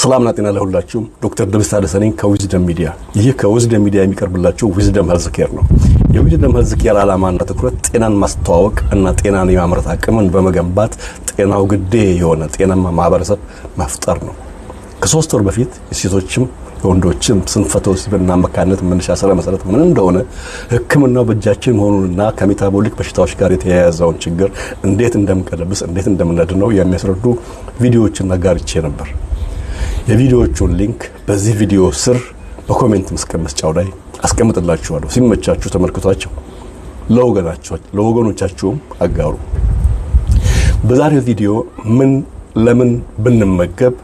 ሰላም ናጤና ለሁላችሁም። ዶክተር ደምስ ታደሰ ነኝ ከዊዝደም ሚዲያ። ይህ ከዊዝደም ሚዲያ የሚቀርብላችሁ ዊዝደም ሄልዝ ኬር ነው። የዊዝደም ሄልዝ ኬር ዓላማና ትኩረት ጤናን ማስተዋወቅ እና ጤናን የማምረት አቅምን በመገንባት ጤናው ግዴ የሆነ ጤናማ ማህበረሰብ መፍጠር ነው። ከሶስት ወር በፊት የሴቶችም የወንዶችም ስንፈተ ወሲብና መካነት መነሻ ስረ መሰረት ምን እንደሆነ ሕክምናው በእጃችን መሆኑንና ከሜታቦሊክ በሽታዎች ጋር የተያያዘውን ችግር እንዴት እንደምንቀለብስ እንዴት እንደምናድነው የሚያስረዱ ቪዲዮዎችን አጋርቼ ነበር። የቪዲዮዎቹን ሊንክ በዚህ ቪዲዮ ስር በኮሜንት መስጫው ላይ አስቀምጥላችኋለሁ። ሲመቻችሁ ተመልክቷቸው፣ ለወገኖቻችሁም አጋሩ። በዛሬው ቪዲዮ ምን ለምን ብንመገብ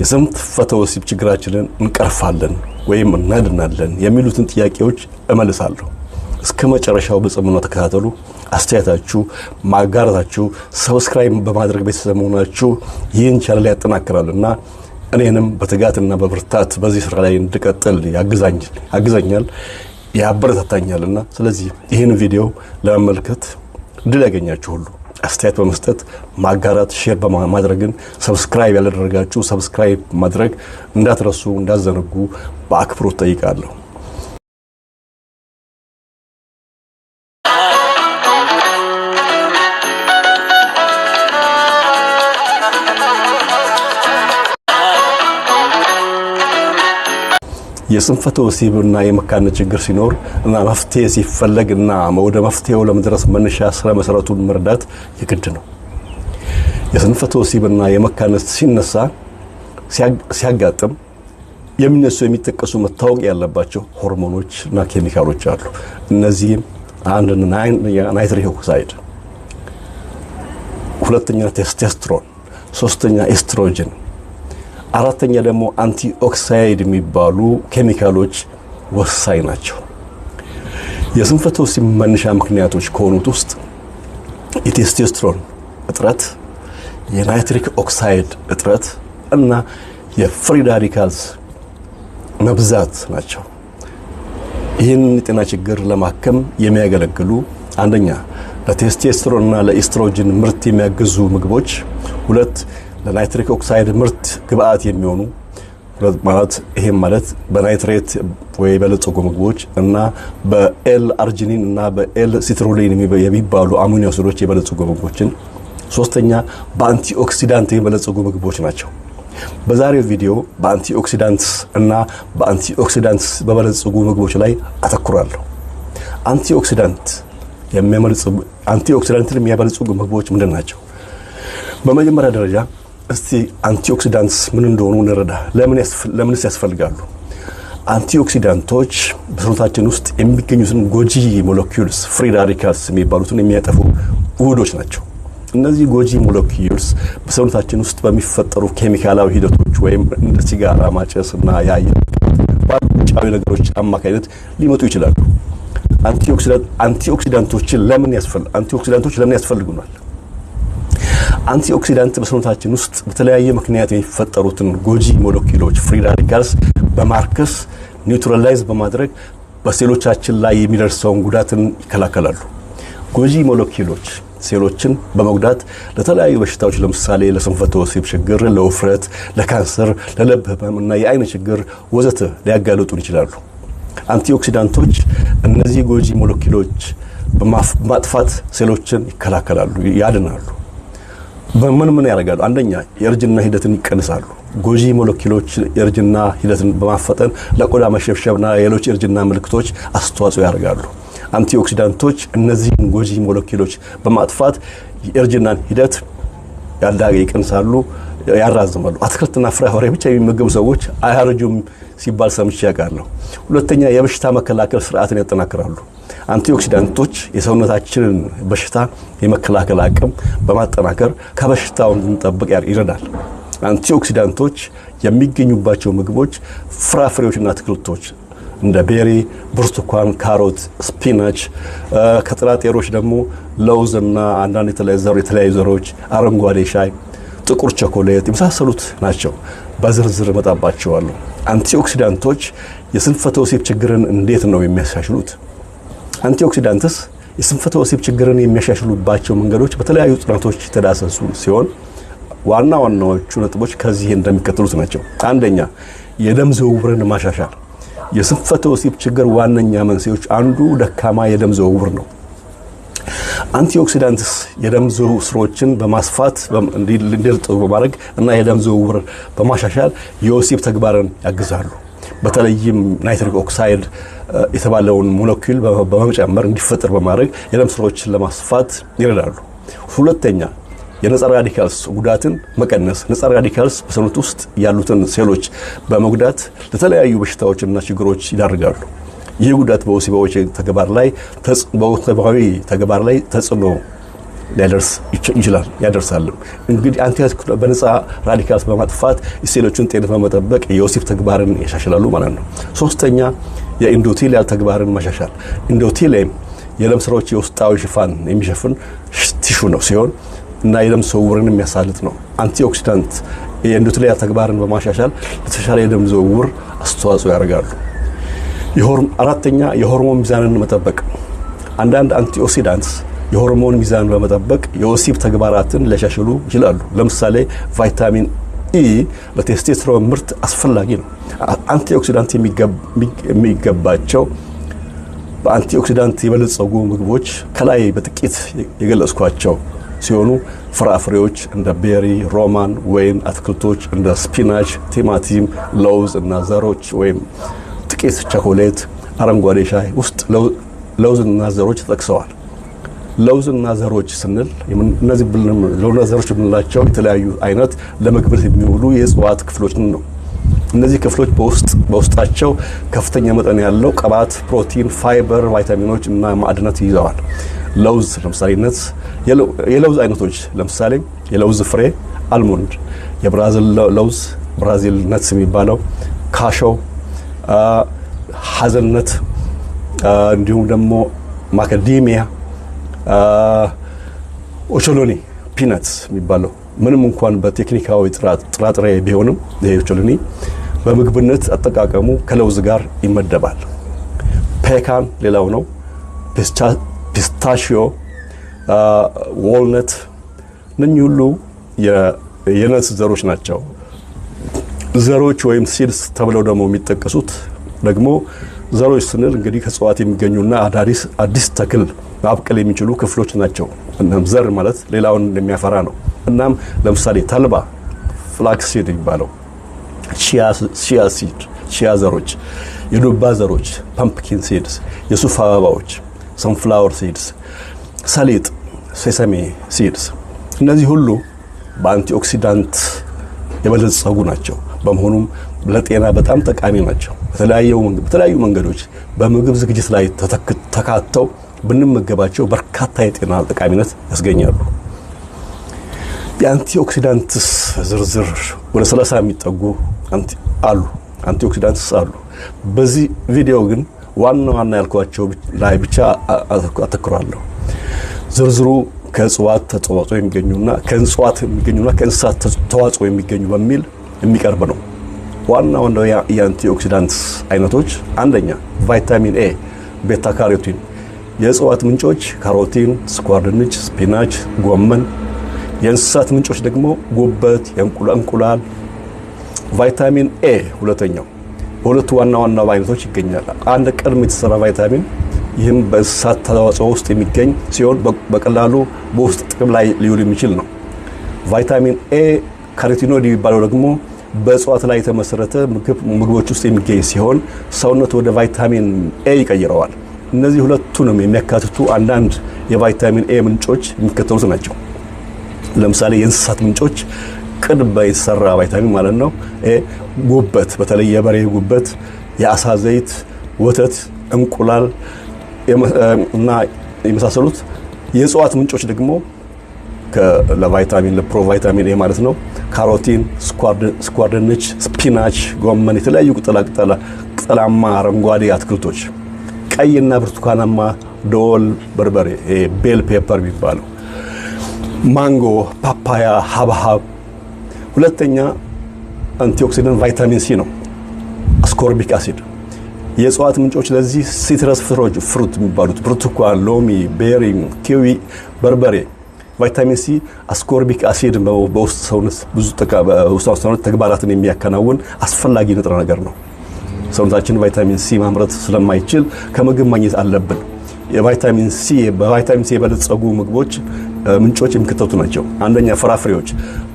የስንት ፈተ ወሲብ ችግራችንን እንቀርፋለን ወይም እናድናለን የሚሉትን ጥያቄዎች እመልሳለሁ። እስከ መጨረሻው በጽምና ተከታተሉ። አስተያየታችሁ፣ ማጋራታችሁ፣ ሰብስክራይብ በማድረግ ቤተሰብ መሆናችሁ ይህን ቻናል ያጠናክራልና እኔንም በትጋትና በብርታት በዚህ ስራ ላይ እንድቀጥል ያግዛኛል፣ ያበረታታኛል እና ስለዚህ ይህን ቪዲዮ ለመመልከት እንድል ያገኛችሁ ሁሉ አስተያየት በመስጠት ማጋራት፣ ሼር በማድረግን ሰብስክራይብ ያላደረጋችሁ ሰብስክራይብ ማድረግ እንዳትረሱ እንዳዘነጉ በአክብሮት ጠይቃለሁ። የስንፈተ ወሲብና የመካነት ችግር ሲኖር እና መፍትሄ ሲፈለግ እና ወደ መፍትሄው ለመድረስ መነሻ ስረ መሰረቱን መረዳት የግድ ነው። የስንፈተ ወሲብና የመካነት ሲነሳ ሲያጋጥም የሚነሱ የሚጠቀሱ መታወቅ ያለባቸው ሆርሞኖች እና ኬሚካሎች አሉ። እነዚህም አንድ ኦክሳይድ፣ ሁለተኛ ቴስቴስትሮን፣ ሶስተኛ ኤስትሮጅን አራተኛ ደግሞ አንቲ ኦክሳይድ የሚባሉ ኬሚካሎች ወሳኝ ናቸው። የስንፈተ ወሲብ መነሻ ምክንያቶች ከሆኑት ውስጥ የቴስቴስትሮን እጥረት፣ የናይትሪክ ኦክሳይድ እጥረት እና የፍሪ ራዲካልስ መብዛት ናቸው። ይህን የጤና ችግር ለማከም የሚያገለግሉ አንደኛ ለቴስቴስትሮን እና ለኤስትሮጅን ምርት የሚያግዙ ምግቦች፣ ሁለት ለናይትሪክ ኦክሳይድ ምርት ግብአት የሚሆኑ ማለት ይሄም ማለት በናይትሬት ወይ በለጸጉ ምግቦች እና በኤል አርጂኒን እና በኤል ሲትሮሊን የሚባሉ አሚኖ አሲዶች የበለጸጉ ምግቦችን፣ ሶስተኛ በአንቲኦክሲዳንት የበለጸጉ ምግቦች ናቸው። በዛሬው ቪዲዮ በአንቲኦክሲዳንትስ እና በአንቲኦክሲዳንት በበለጸጉ ምግቦች ላይ አተኩራለሁ። አንቲኦክሲዳንት የሚያበለጽጉ አንቲኦክሲዳንትን የሚያበለጽጉ ምግቦች ምንድን ናቸው? በመጀመሪያ ደረጃ እስቲ አንቲኦክሲዳንትስ ምን እንደሆኑ እንረዳ። ለምንስ ያስፈልጋሉ? አንቲኦክሲዳንቶች በሰውነታችን ውስጥ የሚገኙትን ጎጂ ሞለኪውልስ ፍሪ ራዲካልስ የሚባሉትን የሚያጠፉ ውህዶች ናቸው። እነዚህ ጎጂ ሞለኪውልስ በሰውነታችን ውስጥ በሚፈጠሩ ኬሚካላዊ ሂደቶች ወይም እንደ ሲጋራ ማጨስ እና የአየር ባሉ ውጫዊ ነገሮች አማካኝነት ሊመጡ ይችላሉ። አንቲኦክሲዳንቶችን ለምን ያስፈልጉናል? አንቲ ኦክሲዳንት በሰውነታችን ውስጥ በተለያየ ምክንያት የሚፈጠሩትን ጎጂ ሞለኪውሎች ፍሪ ራዲካልስ በማርከስ ኒውትራላይዝ በማድረግ በሴሎቻችን ላይ የሚደርሰውን ጉዳትን ይከላከላሉ። ጎጂ ሞለኪውሎች ሴሎችን በመጉዳት ለተለያዩ በሽታዎች ለምሳሌ ለስንፈተ ወሲብ ችግር፣ ለውፍረት፣ ለካንሰር፣ ለልብ እና የአይን ችግር ወዘተ ሊያጋልጡን ይችላሉ። አንቲኦክሲዳንቶች እነዚህ ጎጂ ሞለኪሎች በማጥፋት ሴሎችን ይከላከላሉ፣ ያድናሉ። በምን ምን ያደርጋሉ? አንደኛ የእርጅና ሂደትን ይቀንሳሉ። ጎጂ ሞለኪሎች የእርጅና ሂደትን በማፈጠን ለቆዳ መሸብሸብና ሌሎች የእርጅና ምልክቶች አስተዋጽኦ ያደርጋሉ። አንቲኦክሲዳንቶች እነዚህን ጎጂ ሞለኪሎች በማጥፋት የእርጅናን ሂደት ያዳገ ይቀንሳሉ። ያራዝማሉ። አትክልትና ፍራፍሬ ብቻ የሚመገቡ ሰዎች አያረጁም ሲባል ሰምቼ ያቃለሁ ሁለተኛ የበሽታ መከላከል ስርዓትን ያጠናክራሉ። አንቲኦክሲዳንቶች የሰውነታችንን በሽታ የመከላከል አቅም በማጠናከር ከበሽታው እንድንጠብቅ ይረዳል። አንቲኦክሲዳንቶች የሚገኙባቸው ምግቦች ፍራፍሬዎችና አትክልቶች እንደ ቤሪ፣ ብርቱካን፣ ካሮት፣ ስፒናች፣ ከጥራጤሮች ደግሞ ለውዝና አንዳንድ የተለያዩ ዘሮች፣ አረንጓዴ ሻይ ጥቁር ቸኮሌት የመሳሰሉት ናቸው። በዝርዝር እመጣባቸዋለሁ። አንቲኦክሲዳንቶች የስንፈተ ወሲብ ችግርን እንዴት ነው የሚያሻሽሉት? አንቲኦክሲዳንትስ የስንፈተ ወሲብ ችግርን የሚያሻሽሉባቸው መንገዶች በተለያዩ ጥናቶች የተዳሰሱ ሲሆን ዋና ዋናዎቹ ነጥቦች ከዚህ እንደሚከተሉት ናቸው። አንደኛ፣ የደም ዝውውርን ማሻሻል። የስንፈተ ወሲብ ችግር ዋነኛ መንስኤዎች አንዱ ደካማ የደም ዝውውር ነው። አንቲኦክሲዳንትስ የደም ዝውውር ስሮችን በማስፋት እንዲልጥ በማድረግ እና የደም ዝውውር በማሻሻል የወሲብ ተግባርን ያግዛሉ። በተለይም ናይትሪክ ኦክሳይድ የተባለውን ሞለኪል በመጨመር እንዲፈጠር በማድረግ የደም ስሮችን ለማስፋት ይረዳሉ። ሁለተኛ የነጻ ራዲካልስ ጉዳትን መቀነስ። ነጻ ራዲካልስ በሰውነት ውስጥ ያሉትን ሴሎች በመጉዳት ለተለያዩ በሽታዎችና ችግሮች ይዳርጋሉ። ይህ ጉዳት በወሲባዊ ተግባር ላይ በወሲባዊ ተግባር ላይ ተጽዕኖ ሊያደርስ ይችላል ያደርሳልም። እንግዲህ አንቲአይስ በነፃ ራዲካልስ በማጥፋት ሴሎችን ጤነት በመጠበቅ የወሲብ ተግባርን ያሻሽላሉ ማለት ነው። ሶስተኛ የኢንዶቴሊያል ተግባርን ማሻሻል። ኢንዶቴሊየም የደም ስሮች የውስጣዊ ሽፋን የሚሸፍን ቲሹ ነው ሲሆን እና የደም ዝውውርን የሚያሳልጥ ነው። አንቲኦክሲዳንት የኢንዶቴሊያል ተግባርን በማሻሻል ለተሻለ የደም ዝውውር አስተዋጽኦ ያደርጋሉ። አራተኛ የሆርሞን ሚዛንን መጠበቅ። አንዳንድ አንቲኦክሲዳንትስ የሆርሞን ሚዛንን በመጠበቅ የወሲብ ተግባራትን ሊያሻሽሉ ይችላሉ። ለምሳሌ ቫይታሚን ኢ ለቴስቴስትሮን ምርት አስፈላጊ ነው። አንቲኦክሲዳንት የሚገባቸው በአንቲኦክሲዳንት የበለጸጉ ምግቦች ከላይ በጥቂት የገለጽኳቸው ሲሆኑ ፍራፍሬዎች እንደ ቤሪ፣ ሮማን ወይም አትክልቶች እንደ ስፒናች፣ ቲማቲም፣ ለውዝ እና ዘሮች ወይም ጥቂት ቸኮሌት፣ አረንጓዴ ሻይ ውስጥ ለውዝና ዘሮች ተጠቅሰዋል። ለውዝና ዘሮች ስንል እነዚህ ለውዝና ዘሮች የምንላቸው የተለያዩ አይነት ለምግብነት የሚውሉ የእጽዋት ክፍሎችን ነው። እነዚህ ክፍሎች በውስጣቸው ከፍተኛ መጠን ያለው ቅባት፣ ፕሮቲን፣ ፋይበር፣ ቫይታሚኖች እና ማዕድናት ይዘዋል። ለውዝ ለምሳሌነት የለውዝ አይነቶች ለምሳሌ የለውዝ ፍሬ አልሞንድ፣ የብራዚል ለውዝ ብራዚል ነትስ የሚባለው ካሾ ሀዘልነት እንዲሁም ደግሞ ማካዴሚያ፣ ኦቾሎኒ ፒነት የሚባለው ምንም እንኳን በቴክኒካዊ ጥራጥሬ ቢሆንም ይሄ ኦቾሎኒ በምግብነት አጠቃቀሙ ከለውዝ ጋር ይመደባል። ፔካን ሌላው ነው። ፒስታሽዮ፣ ዋልነት እነኚህ ሁሉ የነት ዘሮች ናቸው። ዘሮች ወይም ሲድስ ተብለው ደግሞ የሚጠቀሱት ደግሞ ዘሮች ስንል እንግዲህ ከእጽዋት የሚገኙና አዳዲስ አዲስ ተክል ማብቀል የሚችሉ ክፍሎች ናቸው። እናም ዘር ማለት ሌላውን እንደሚያፈራ ነው። እናም ለምሳሌ ተልባ ፍላክሲድ የሚባለው ሺያ ሲድ፣ ሺያ ዘሮች፣ የዱባ ዘሮች ፓምፕኪን ሲድስ፣ የሱፍ አበባዎች ሰንፍላወር ሲድስ፣ ሰሊጥ ሴሰሜ ሲድስ፣ እነዚህ ሁሉ በአንቲኦክሲዳንት የበለጸጉ ናቸው። በመሆኑም ለጤና በጣም ጠቃሚ ናቸው። በተለያዩ መንገዶች በምግብ ዝግጅት ላይ ተካተው ብንመገባቸው በርካታ የጤና ጠቃሚነት ያስገኛሉ። የአንቲኦክሲዳንትስ ዝርዝር ወደ 30 የሚጠጉ አሉ አንቲኦክሲዳንትስ አሉ። በዚህ ቪዲዮ ግን ዋና ዋና ያልኳቸው ላይ ብቻ አተኩራለሁ። ዝርዝሩ ከእጽዋት ተዋጽኦ የሚገኙና ከእንስሳት ተዋጽኦ የሚገኙ በሚል የሚቀርብ ነው። ዋና ዋና የአንቲኦክሲዳንት አይነቶች አንደኛ ቫይታሚን ኤ፣ ቤታ ካሮቲን የእጽዋት ምንጮች ካሮቲን፣ ስኳር ድንች፣ ስፒናች፣ ጎመን። የእንስሳት ምንጮች ደግሞ ጉበት፣ እንቁላል። ቫይታሚን ኤ ሁለተኛው በሁለቱ ዋና ዋና አይነቶች ይገኛል። አንድ ቀድም የተሰራ ቫይታሚን ይህም በእንስሳት ተዋጽኦ ውስጥ የሚገኝ ሲሆን በቀላሉ በውስጥ ጥቅም ላይ ሊውል የሚችል ነው። ቫይታሚን ኤ ካሮቲኖይድ የሚባለው ደግሞ በእጽዋት ላይ የተመሰረተ ምግቦች ውስጥ የሚገኝ ሲሆን ሰውነት ወደ ቫይታሚን ኤ ይቀይረዋል። እነዚህ ሁለቱንም የሚያካትቱ አንዳንድ የቫይታሚን ኤ ምንጮች የሚከተሉት ናቸው። ለምሳሌ የእንስሳት ምንጮች ቅድበ የተሰራ ቫይታሚን ማለት ነው። ጉበት፣ በተለይ የበሬ ጉበት፣ የአሳ ዘይት፣ ወተት፣ እንቁላል እና የመሳሰሉት የእጽዋት ምንጮች ደግሞ ለቫይታሚን ለፕሮቫይታሚን ኤ ማለት ነው። ካሮቲን፣ ስኳር ድንች፣ ስፒናች፣ ጎመን፣ የተለያዩ ቅጠላማ አረንጓዴ አትክልቶች፣ ቀይና ብርቱካናማ ዶል በርበሬ ቤል ፔፐር የሚባለው ማንጎ፣ ፓፓያ፣ ሀብሀብ። ሁለተኛ አንቲኦክሲደንት ቫይታሚን ሲ ነው። አስኮርቢክ አሲድ የእጽዋት ምንጮች ለዚህ ሲትረስ ፍሮች ፍሩት የሚባሉት ብርቱካን፣ ሎሚ፣ ቤሪ፣ ኪዊ፣ በርበሬ ቫይታሚን ሲ አስኮርቢክ አሲድ በውስጥ ሰውነት ብዙ ሰውነት ተግባራትን የሚያከናውን አስፈላጊ ንጥረ ነገር ነው። ሰውነታችን ቫይታሚን ሲ ማምረት ስለማይችል ከምግብ ማግኘት አለብን። የቫይታሚን ሲ በቫይታሚን ሲ የበለጸጉ ምግቦች ምንጮች የሚከተቱ ናቸው። አንደኛ ፍራፍሬዎች፣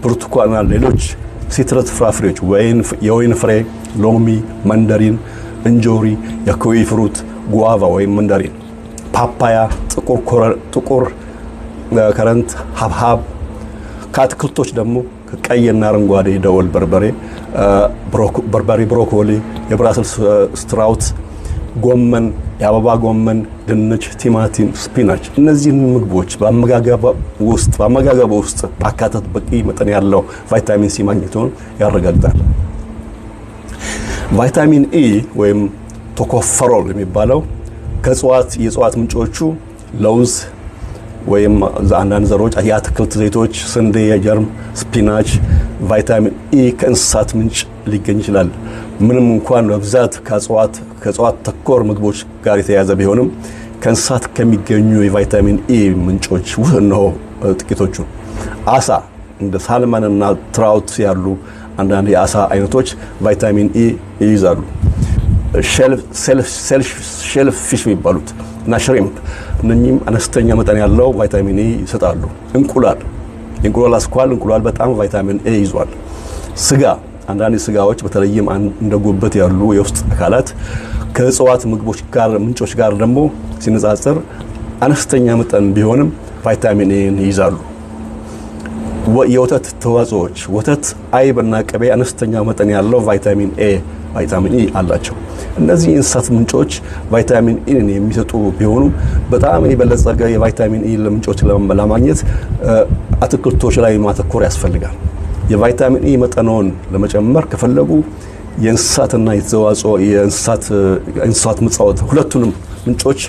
ብርቱካንና ሌሎች ሲትረት ፍራፍሬዎች፣ የወይን ፍሬ፣ ሎሚ፣ መንደሪን፣ እንጆሪ፣ የኮዊ ፍሩት፣ ጓቫ ወይም መንደሪን፣ ፓፓያ፣ ጥቁር ከረንት፣ ሀብሀብ ከአትክልቶች ደግሞ ቀይና አረንጓዴ ደወል በርበሬ፣ በርበሬ፣ ብሮኮሊ፣ የብራስልስ ስትራውት፣ ጎመን፣ የአበባ ጎመን፣ ድንች፣ ቲማቲም፣ ስፒናች እነዚህን ምግቦች በአመጋገብ ውስጥ ማካተት በቂ መጠን ያለው ቫይታሚን ሲ ማግኘቱን ያረጋግጣል። ቫይታሚን ኢ ወይም ቶኮፈሮል የሚባለው ከእጽዋት የእጽዋት ምንጮቹ ለውዝ ወይም አንዳንድ ዘሮች የአትክልት ዘይቶች፣ ስንዴ፣ የጀርም ስፒናች፣ ቫይታሚን ኢ ከእንስሳት ምንጭ ሊገኝ ይችላል። ምንም እንኳን በብዛት ከእጽዋት ተኮር ምግቦች ጋር የተያያዘ ቢሆንም ከእንስሳት ከሚገኙ የቫይታሚን ኢ ምንጮች እነሆ ጥቂቶቹ። አሳ እንደ ሳልመን እና ትራውት ያሉ አንዳንድ የአሳ አይነቶች ቫይታሚን ኢ ይይዛሉ። ሼልፍ ፊሽ የሚባሉት እና ሽሪምፕ እነኚህም አነስተኛ መጠን ያለው ቫይታሚን ኤ ይሰጣሉ። እንቁላል የእንቁላል አስኳል እንቁላል በጣም ቫይታሚን ኤ ይዟል። ስጋ አንዳንድ ስጋዎች በተለይም እንደ ጉበት ያሉ የውስጥ አካላት ከእጽዋት ምግቦች ጋር ምንጮች ጋር ደግሞ ሲነጻጸር አነስተኛ መጠን ቢሆንም ቫይታሚን ኤን ይይዛሉ። የወተት ተዋጽኦዎች ወተት፣ አይብና ቅቤ አነስተኛ መጠን ያለው ቫይታሚን ኤ ቫይታሚን ኢ አላቸው። እነዚህ የእንስሳት ምንጮች ቫይታሚን ኢን የሚሰጡ ቢሆኑም በጣም የበለጸገ የቫይታሚን ኢ ምንጮች ለማግኘት አትክልቶች ላይ ማተኮር ያስፈልጋል። የቫይታሚን ኢ መጠኖን ለመጨመር ከፈለጉ የእንስሳትና የተዋጽኦ የእንስሳት ምጽዋት ሁለቱንም ምንጮች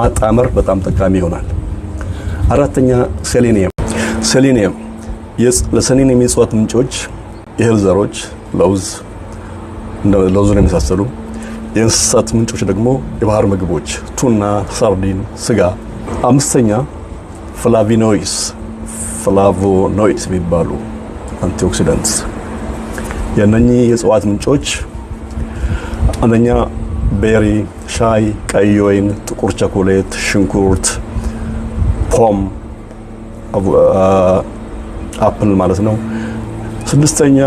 ማጣመር በጣም ጠቃሚ ይሆናል። አራተኛ ሴሌኒየም። ሴሌኒየም ለሴሌኒየም የእጽዋት ምንጮች የእህል ዘሮች፣ ለውዝ ለውዙን የመሳሰሉ የእንስሳት ምንጮች ደግሞ የባህር ምግቦች ቱና፣ ሳርዲን፣ ስጋ። አምስተኛ ፍላቪኖይስ ፍላቮኖይስ የሚባሉ አንቲኦክሲደንትስ የእነኚህ የእጽዋት ምንጮች አንደኛ ቤሪ፣ ሻይ፣ ቀይ ወይን፣ ጥቁር ቸኮሌት፣ ሽንኩርት፣ ፖም፣ አፕል ማለት ነው። ስድስተኛ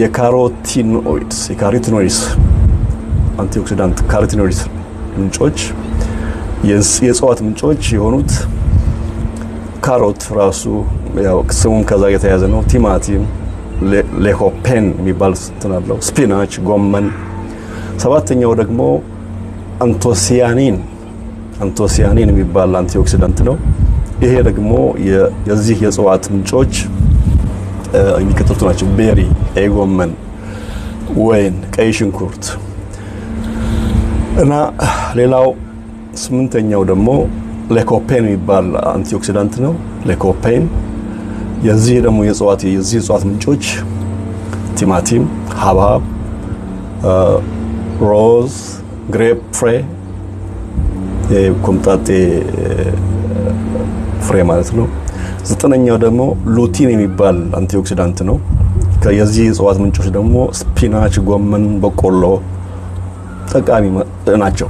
የካሮቲኖይድስ የካሮቲኖይድስ አንቲኦክሲዳንት ካሮቲኖይድስ ምንጮች የእጽዋት ምንጮች የሆኑት ካሮት ራሱ ያው ስሙም ከዛ የተያዘ ነው። ቲማቲም፣ ሌኮፔን የሚባል ትናለው፣ ስፒናች፣ ጎመን። ሰባተኛው ደግሞ አንቶሲያኒን አንቶሲያኒን የሚባል አንቲኦክሲዳንት ነው። ይሄ ደግሞ የዚህ የእጽዋት ምንጮች የሚከተሉት ናቸው። ቤሪ፣ ኤጎመን ወይን፣ ቀይ ሽንኩርት እና ሌላው ስምንተኛው ደግሞ ሌኮፔን የሚባል አንቲኦክሲዳንት ነው። ሌኮፔን የዚህ ደግሞ የእጽዋት የዚህ እጽዋት ምንጮች ቲማቲም፣ ሀብሀብ፣ ሮዝ፣ ግሬፕ ፍሬ የኮምጣጤ ፍሬ ማለት ነው። ዘጠነኛው ደግሞ ሉቲን የሚባል አንቲኦክሲዳንት ነው። የዚህ እጽዋት ምንጮች ደግሞ ስፒናች፣ ጎመን፣ በቆሎ ጠቃሚ ናቸው።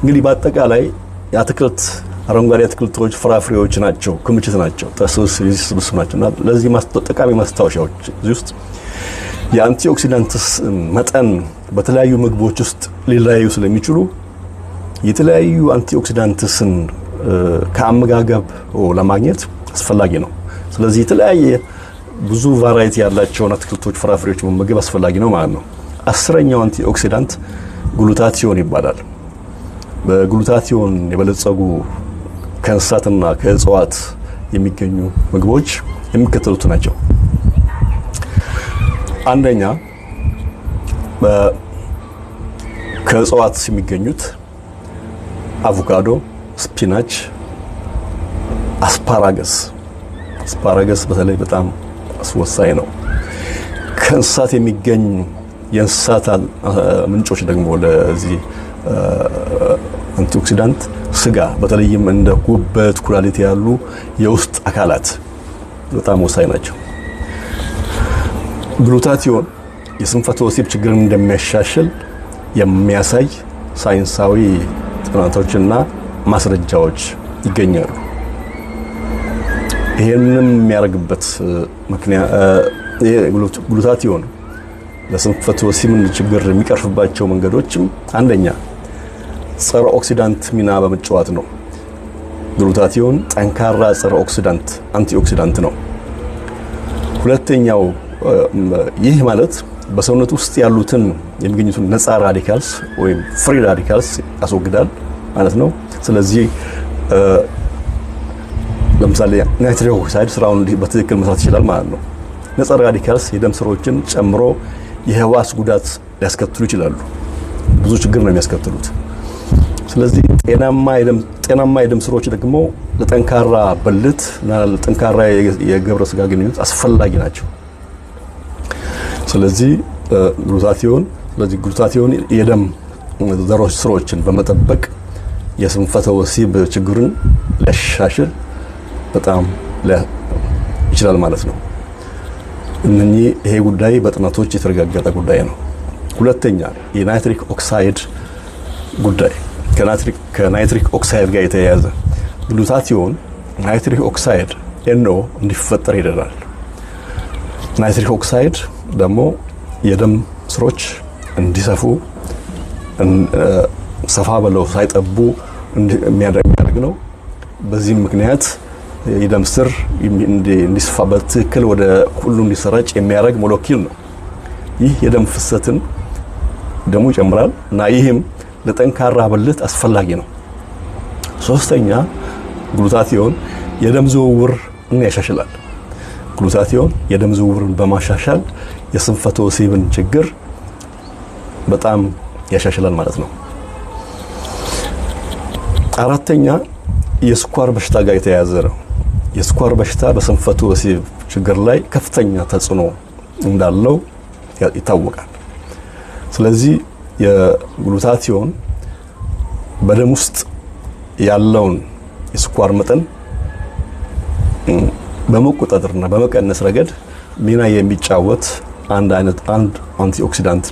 እንግዲህ በአጠቃላይ የአትክልት አረንጓዴ አትክልቶች፣ ፍራፍሬዎች ናቸው፣ ክምችት ናቸው፣ ስብስብ ናቸው እና ለዚህ ጠቃሚ ማስታወሻዎች እዚህ ውስጥ የአንቲኦክሲዳንትስ መጠን በተለያዩ ምግቦች ውስጥ ሊለያዩ ስለሚችሉ የተለያዩ አንቲኦክሲዳንትስን ከአመጋገብ ለማግኘት አስፈላጊ ነው። ስለዚህ የተለያየ ብዙ ቫራይቲ ያላቸውን አትክልቶች፣ ፍራፍሬዎች መመገብ አስፈላጊ ነው ማለት ነው። አስረኛው አንቲ ኦክሲዳንት ግሉታቲዮን ይባላል። በግሉታቲዮን የበለጸጉ ከእንስሳትና ከእጽዋት የሚገኙ ምግቦች የሚከተሉት ናቸው። አንደኛ ከእጽዋት የሚገኙት አቮካዶ፣ ስፒናች አስፓራገስ አስፓራገስ በተለይ በጣም አስወሳኝ ነው። ከእንስሳት የሚገኙ የእንስሳት ምንጮች ደግሞ ለዚህ አንቲኦክሲዳንት ስጋ በተለይም እንደ ጉበት፣ ኩላሊት ያሉ የውስጥ አካላት በጣም ወሳኝ ናቸው። ግሉታቲዮን የስንፈተ ወሲብ ችግርን እንደሚያሻሽል የሚያሳይ ሳይንሳዊ ጥናቶችና ማስረጃዎች ይገኛሉ። ይሄንንም የሚያደርግበት ምክንያት ግሉታቲዮን ለስንፈተ ወሲብ ችግር የሚቀርፍባቸው መንገዶችም አንደኛ ጸረ ኦክሲዳንት ሚና በመጫወት ነው። ይሆን ጠንካራ ጸረ ኦክሲዳንት አንቲኦክሲዳንት ነው። ሁለተኛው ይህ ማለት በሰውነት ውስጥ ያሉትን የሚገኙትን ነፃ ራዲካልስ ወይም ፍሪ ራዲካልስ ያስወግዳል ማለት ነው። ስለዚህ ለምሳሌ ናይትሪክ ኦክሳይድ ስራውን በትክክል መስራት ይችላል ማለት ነው። ነጻ ራዲካልስ የደም ስሮችን ጨምሮ የህዋስ ጉዳት ሊያስከትሉ ይችላሉ። ብዙ ችግር ነው የሚያስከትሉት። ስለዚህ ጤናማ የደም ጤናማ የደም ስሮች ደግሞ ለጠንካራ ብልት እና ለጠንካራ የግብረ ስጋ ግንኙነት አስፈላጊ ናቸው። ስለዚህ ግሉታቲዮን ስለዚህ ግሉታቲዮን የደም ዘሮች ስሮችን በመጠበቅ የስንፈተ ወሲብ ችግሩን ሊያሻሽል በጣም ይችላል ማለት ነው። እነኚህ ይሄ ጉዳይ በጥናቶች የተረጋገጠ ጉዳይ ነው። ሁለተኛ የናይትሪክ ኦክሳይድ ጉዳይ ከናይትሪክ ኦክሳይድ ጋር የተያያዘ ግሉታቲዮን ናይትሪክ ኦክሳይድ ኤንኦ እንዲፈጠር ይደራል። ናይትሪክ ኦክሳይድ ደግሞ የደም ስሮች እንዲሰፉ ሰፋ ብለው ሳይጠቡ የሚያደርግ ነው። በዚህም ምክንያት የደም ስር እንዲስፋ በትክክል ወደ ሁሉ እንዲሰራጭ የሚያደርግ ሞለኪል ነው። ይህ የደም ፍሰትን ደሙ ይጨምራል እና ይህም ለጠንካራ ብልት አስፈላጊ ነው። ሶስተኛ ግሉታቲዮን የደም ዝውውር ያሻሽላል። ግሉታቲዮን የደም ዝውውርን በማሻሻል የስንፈተ ወሲብን ችግር በጣም ያሻሽላል ማለት ነው። አራተኛ የስኳር በሽታ ጋር የተያያዘ ነው። የስኳር በሽታ በስንፈቱ ወሲብ ችግር ላይ ከፍተኛ ተጽዕኖ እንዳለው ይታወቃል። ስለዚህ የግሉታቲዮን በደም ውስጥ ያለውን የስኳር መጠን በመቆጣጠርና በመቀነስ ረገድ ሚና የሚጫወት አንድ አይነት አንድ አንቲኦክሲዳንት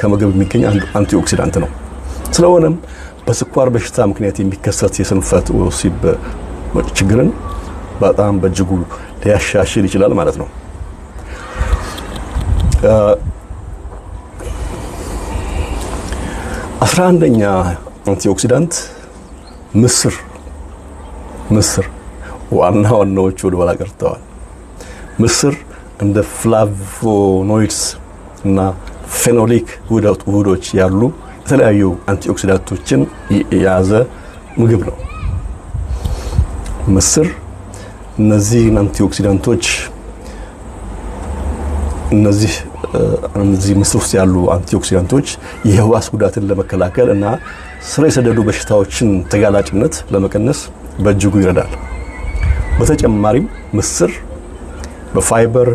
ከምግብ የሚገኝ አንድ አንቲኦክሲዳንት ነው። ስለሆነም በስኳር በሽታ ምክንያት የሚከሰት የስንፈት ወሲብ ችግርን በጣም በእጅጉ ሊያሻሽል ይችላል ማለት ነው። አስራ አንደኛ አንቲኦክሲዳንት ምስር ምስር ዋና ዋናዎቹ ወደ ኋላ ቀርተዋል። ምስር እንደ ፍላቮኖይድስ እና ፌኖሊክ ውህዶች ያሉ የተለያዩ አንቲኦክሲዳንቶችን የያዘ ምግብ ነው። ምስር እነዚህን አንቲኦክሲዳንቶች እነዚህ እነዚህ ምስር ውስጥ ያሉ አንቲኦክሲዳንቶች የህዋስ ጉዳትን ለመከላከል እና ስር የሰደዱ በሽታዎችን ተጋላጭነት ለመቀነስ በእጅጉ ይረዳል። በተጨማሪም ምስር በፋይበር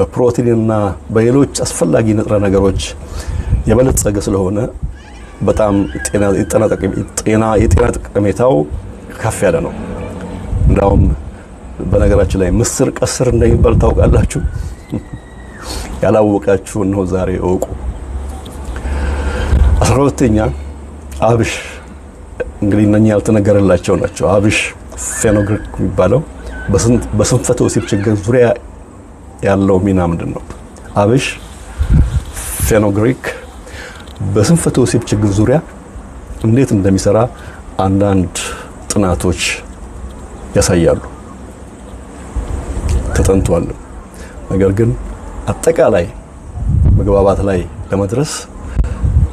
በፕሮቲን እና በሌሎች አስፈላጊ ንጥረ ነገሮች የበለጸገ ስለሆነ በጣም የጤና ጠቀሜታው ከፍ ያለ ነው። እንዳውም በነገራችን ላይ ምስር ቀስር እንደሚባል ታውቃላችሁ። ያላወቃችሁ ነው ዛሬ እወቁ። አስራ ሁለተኛ አብሽ እንግዲህ እነኛ ያልተነገረላቸው ናቸው። አብሽ ፌኖግሪክ የሚባለው በስንፈተ ወሲብ ችግር ዙሪያ ያለው ሚና ምንድን ነው? አብሽ ፌኖግሪክ በስንፈተ ወሲብ ችግር ዙሪያ እንዴት እንደሚሰራ አንዳንድ ጥናቶች ያሳያሉ፣ ተጠንቷል። ነገር ግን አጠቃላይ መግባባት ላይ ለመድረስ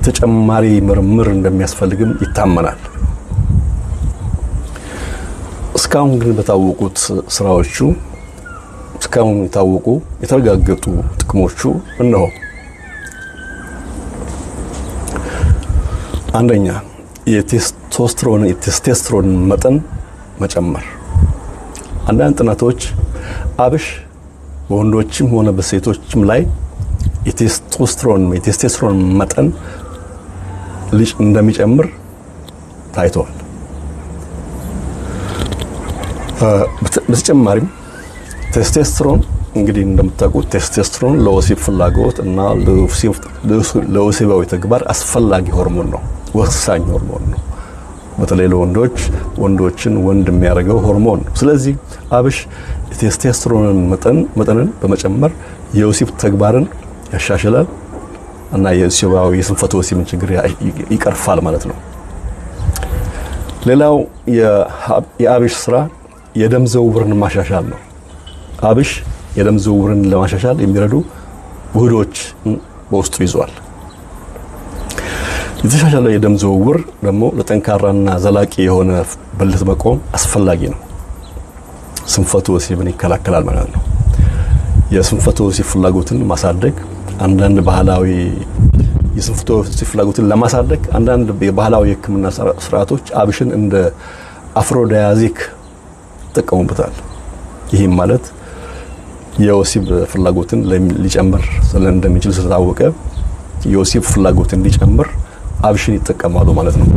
ተጨማሪ ምርምር እንደሚያስፈልግም ይታመናል። እስካሁን ግን በታወቁት ስራዎቹ እስካሁን የታወቁ የተረጋገጡ ጥቅሞቹ እነሆ። አንደኛ የቴስቶስትሮን የቴስቴስትሮን መጠን መጨመር አንዳንድ ጥናቶች አብሽ በወንዶችም ሆነ በሴቶችም ላይ የቴስቶስትሮን የቴስቶስትሮን መጠን ልጅ እንደሚጨምር ታይተዋል። በተጨማሪም ቴስቶስትሮን እንግዲህ እንደምታውቁት ቴስቶስትሮን ለወሲብ ፍላጎት እና ለወሲባዊ ተግባር አስፈላጊ ሆርሞን ነው፣ ወሳኝ ሆርሞን ነው። በተለይ ለወንዶች ወንዶችን ወንድ የሚያደርገው ሆርሞን ስለዚህ አብሽ የቴስቴስትሮንን መጠንን በመጨመር የወሲብ ተግባርን ያሻሽላል እና የወሲባዊ የስንፈተ ወሲብን ችግር ይቀርፋል ማለት ነው። ሌላው የአብሽ ስራ የደም ዝውውርን ማሻሻል ነው። አብሽ የደም ዝውውርን ለማሻሻል የሚረዱ ውህዶች በውስጡ ይዟል። የተሻሻለ የደም ዝውውር ደግሞ ለጠንካራና ዘላቂ የሆነ ብልት መቆም አስፈላጊ ነው። ስንፈቱ ወሲብን ይከላከላል ማለት ነው። የስንፈቱ ወሲብ ፍላጎትን ማሳደግ አንዳንድ ባህላዊ የስንፈቱ ወሲብ ፍላጎትን ለማሳደግ አንዳንድ የባህላዊ የሕክምና ስርዓቶች አብሽን እንደ አፍሮዳያዚክ ይጠቀሙበታል። ይህም ማለት የወሲብ ፍላጎትን ሊጨምር እንደሚችል ስለታወቀ የወሲብ ፍላጎት እንዲጨምር አብሽን ይጠቀማሉ ማለት ነው።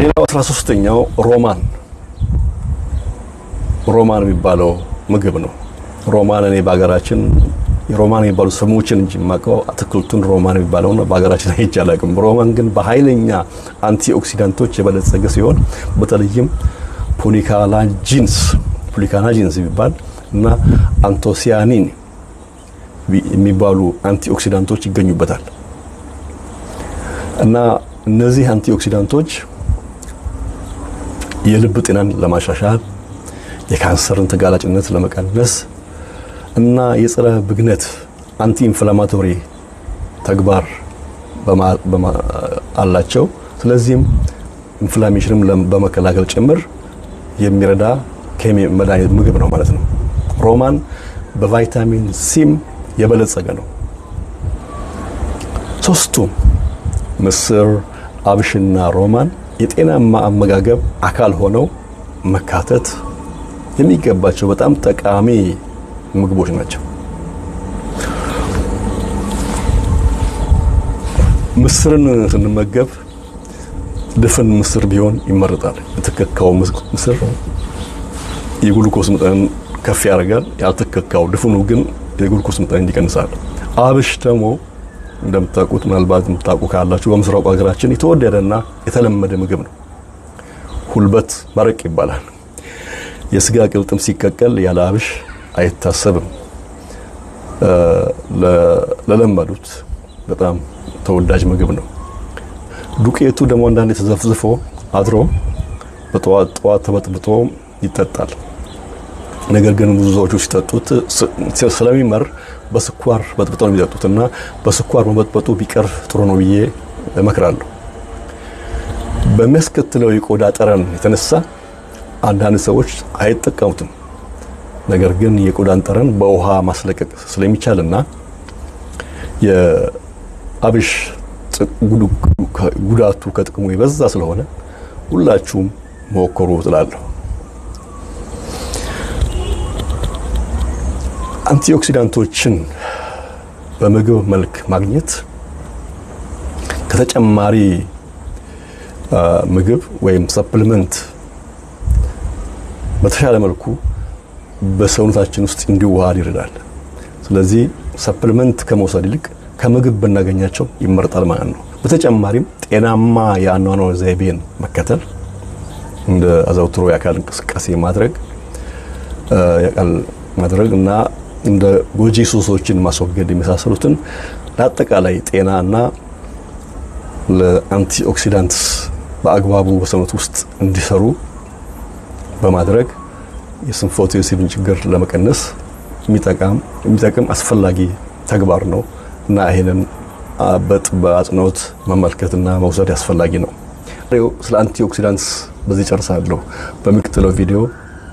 ሌላው አስራ ሶስተኛው ሮማን ሮማን የሚባለው ምግብ ነው። ሮማን እኔ በሀገራችን ሮማን የሚባሉ ስሞችን እንጂ የማውቀው አትክልቱን ሮማን የሚባለው ነው በሀገራችን አይቼ አላውቅም። ሮማን ግን በኃይለኛ አንቲ ኦክሲዳንቶች የበለጸገ ሲሆን በተለይም ፖሊካላጂንስ ፖሊካላጂንስ የሚባል እና አንቶሲያኒን የሚባሉ አንቲኦክሲዳንቶች ይገኙበታል እና እነዚህ አንቲኦክሲዳንቶች የልብ ጤናን ለማሻሻል የካንሰርን ተጋላጭነት ለመቀነስ እና የጸረ ብግነት አንቲ ኢንፍላማቶሪ ተግባር አላቸው። ስለዚህም ኢንፍላሜሽንም በመከላከል ጭምር የሚረዳ ኬሚ መድኃኒት ምግብ ነው ማለት ነው። ሮማን በቫይታሚን ሲም የበለጸገ ነው። ሶስቱም ምስር፣ አብሽና ሮማን የጤናማ አመጋገብ አካል ሆነው መካተት የሚገባቸው በጣም ጠቃሚ ምግቦች ናቸው። ምስርን ስንመገብ ድፍን ምስር ቢሆን ይመረጣል። የተከካው ምስር የግሉኮስ መጠን ከፍ ያደርጋል። ያልተከካው ድፍኑ ግን የግሉኮስ ምጣኔ እንዲቀንሳል። አብሽ ደግሞ እንደምታውቁት ምናልባት የምታውቁ ካላችሁ በምስራቁ ሀገራችን የተወደደና የተለመደ ምግብ ነው። ሁልበት መረቅ ይባላል። የስጋ ቅልጥም ሲቀቀል ያለ አብሽ አይታሰብም። ለለመዱት በጣም ተወዳጅ ምግብ ነው። ዱቄቱ ደግሞ አንዳንዴ ተዘፍዝፎ አድሮ በጠዋት ጠዋት ተበጥብጦ ይጠጣል። ነገር ግን ብዙ ሰዎች ሲጠጡት ስለሚመር በስኳር በጥብጠው ነው የሚጠጡት እና በስኳር መበጥበጡ ቢቀር ጥሩ ነው ብዬ እመክራለሁ። በሚያስከትለው የቆዳ ጠረን የተነሳ አንዳንድ ሰዎች አይጠቀሙትም። ነገር ግን የቆዳን ጠረን በውሃ ማስለቀቅ ስለሚቻልና የአብሽ ጉዳቱ ከጥቅሙ የበዛ ስለሆነ ሁላችሁም ሞክሩ እላለሁ። አንቲኦክሲዳንቶችን በምግብ መልክ ማግኘት ከተጨማሪ ምግብ ወይም ሰፕሊመንት በተሻለ መልኩ በሰውነታችን ውስጥ እንዲዋሃድ ይረዳል። ስለዚህ ሰፕሊመንት ከመውሰድ ይልቅ ከምግብ ብናገኛቸው ይመርጣል ማለት ነው። በተጨማሪም ጤናማ የአኗኗር ዘይቤን መከተል እንደ አዘውትሮ የአካል እንቅስቃሴ ማድረግ የአካል ማድረግ እና እንደ ጎጂ ሱሶችን ማስወገድ የመሳሰሉትን ለአጠቃላይ ጤናና ለአንቲ ኦክሲዳንትስ በአግባቡ በሰውነት ውስጥ እንዲሰሩ በማድረግ የስንፎቴሲብን ችግር ለመቀነስ የሚጠቅም አስፈላጊ ተግባር ነው እና ይህንን በጥ በአጽንኦት መመልከትና መውሰድ አስፈላጊ ነው። ስለ አንቲ ኦክሲዳንትስ በዚህ ጨርሳለሁ። በሚቀጥለው ቪዲዮ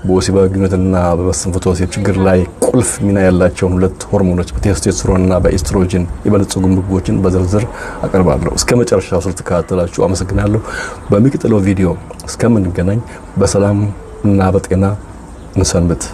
በወሲባዊነትና በመሰንፈተ ወሲብ ችግር ላይ ቁልፍ ሚና ያላቸውን ሁለት ሆርሞኖች በቴስቶስትሮንና በኤስትሮጅን የበለጸጉ ምግቦችን በዝርዝር አቀርባለሁ። እስከ መጨረሻው ስለተከታተላችሁ አመሰግናለሁ። በሚቀጥለው ቪዲዮ እስከምንገናኝ በሰላም እና በጤና እንሰንብት።